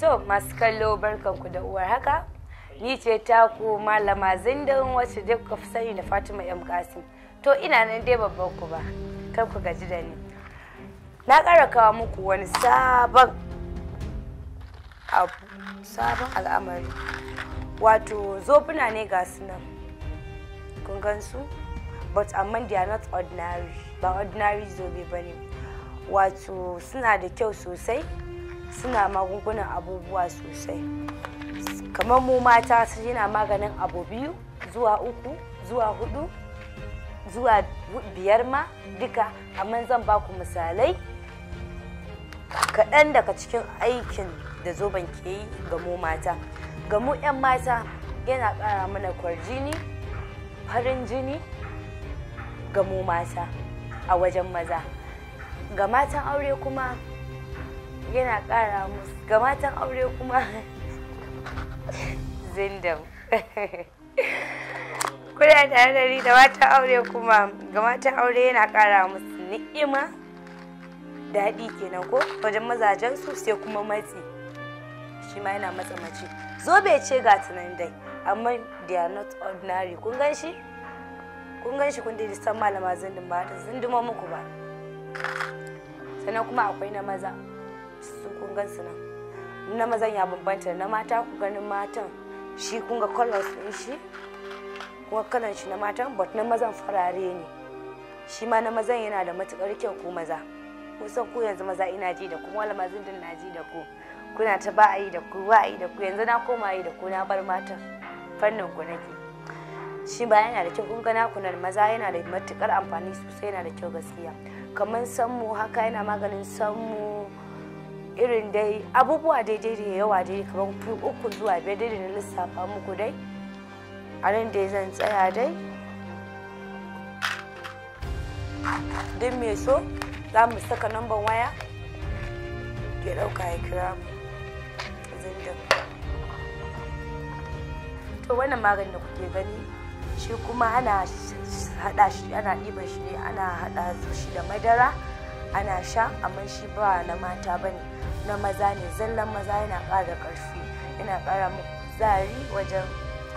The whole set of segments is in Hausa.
To masu kallo barkanku da uwar haka, ni ce ta taku malama zindin wacce dai kuka sani da Fatima yan Kasim. To ina nan dai babban ku ba, kar ku gaji da ni. Na ƙara kawo muku wani sabon abu, sabon al'amari. Wato zofuna ne ga su nan, kun gan But amma they are not ordinary, ba ordinary zobe ba ne. Wato suna da kyau sosai. suna magungunan abubuwa sosai kamar mu mata su yana maganin abu biyu zuwa uku zuwa hudu zuwa biyar ma duka amma zan ba ku misalai kaɗan daga cikin aikin da zoben ke yi ga mu mata ga mu 'yan mata yana ƙara mana kwarjini farin jini ga mu mata a wajen maza ga matan aure kuma yana ƙara musu ga matan aure kuma zindam kuna tare da ni da matan aure kuma ga matan aure yana ƙara musu ni'ima daɗi kenan ko wajen mazajen su sai kuma matsi shi ma yana matsa mace zobe ce ga tunan dai amma they are not ordinary kun gan shi kun gan shi kun dai san malama zindin ba ta zinduma muku ba sannan kuma akwai na maza sun kun gansu nan na mazan ya bambanta na mata ku ganin matan shi kun ga colors shi kuma kalan shi na matan but na mazan farare ne shi ma na mazan yana da matukar kyau ku maza kusan ku yanzu maza ina ji da ku wala mazin din na ji da ku kuna ta ba a yi da ku ba a yi da ku yanzu na koma yi da ku na bar matan fannin ku nake shi ba yana da kyau kun ga na maza yana da matukar amfani sosai yana da kyau gaskiya kamar mu haka yana maganin mu irin dai abubuwa daidai da yawa dai kamar uku zuwa biyar dai da na lissafa muku dai a nan dai zan tsaya dai duk mai so za mu saka namban waya ke ɗauka ya kira mu to wannan maganin da kuke gani shi kuma ana hada shi ana shi ana haɗa shi da madara ana sha amma shi ba na mata bane na maza ne zallan maza yana ƙara ƙarfi yana ƙara zari wajen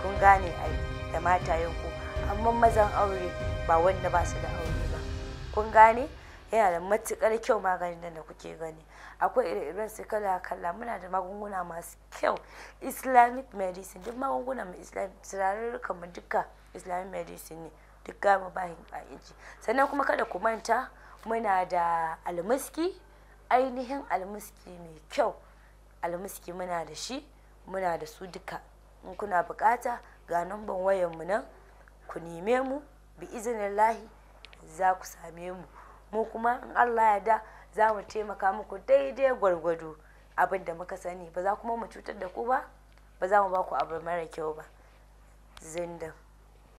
kun gane a da matayenku amma mazan aure ba wanda ba su da aure ba kun gane yana da matukar kyau maganin nan da kuke gani akwai ire-iren su kala kala muna da magunguna masu kyau islamic medicine duk magunguna mai islamic turarurrukan mu duka islamic medicine ne duk gama bahin ƙa'iji sannan kuma kada ku manta muna da almaski ainihin almuski mai kyau almuski muna da shi muna da su duka in kuna bukata ga namban wayanmu nan ku neme mu bi izinin lahi za ku same mu mu kuma in allah ya da za mu taimaka muku daidai gwargwado abin da muka sani ba za kuma mu cutar da ku ba ba za mu ba ku abu mara kyau ba zindan